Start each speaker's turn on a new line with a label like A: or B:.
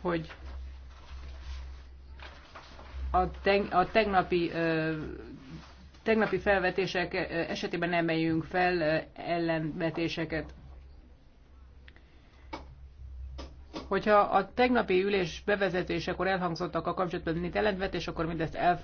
A: hogy a, teg, a tegnapi, ö, tegnapi felvetések esetében emeljünk fel ö, ellenvetéseket. Hogyha a tegnapi ülés bevezetésekor elhangzottak a kapcsolatban itt ellenvetés,
B: akkor mindezt el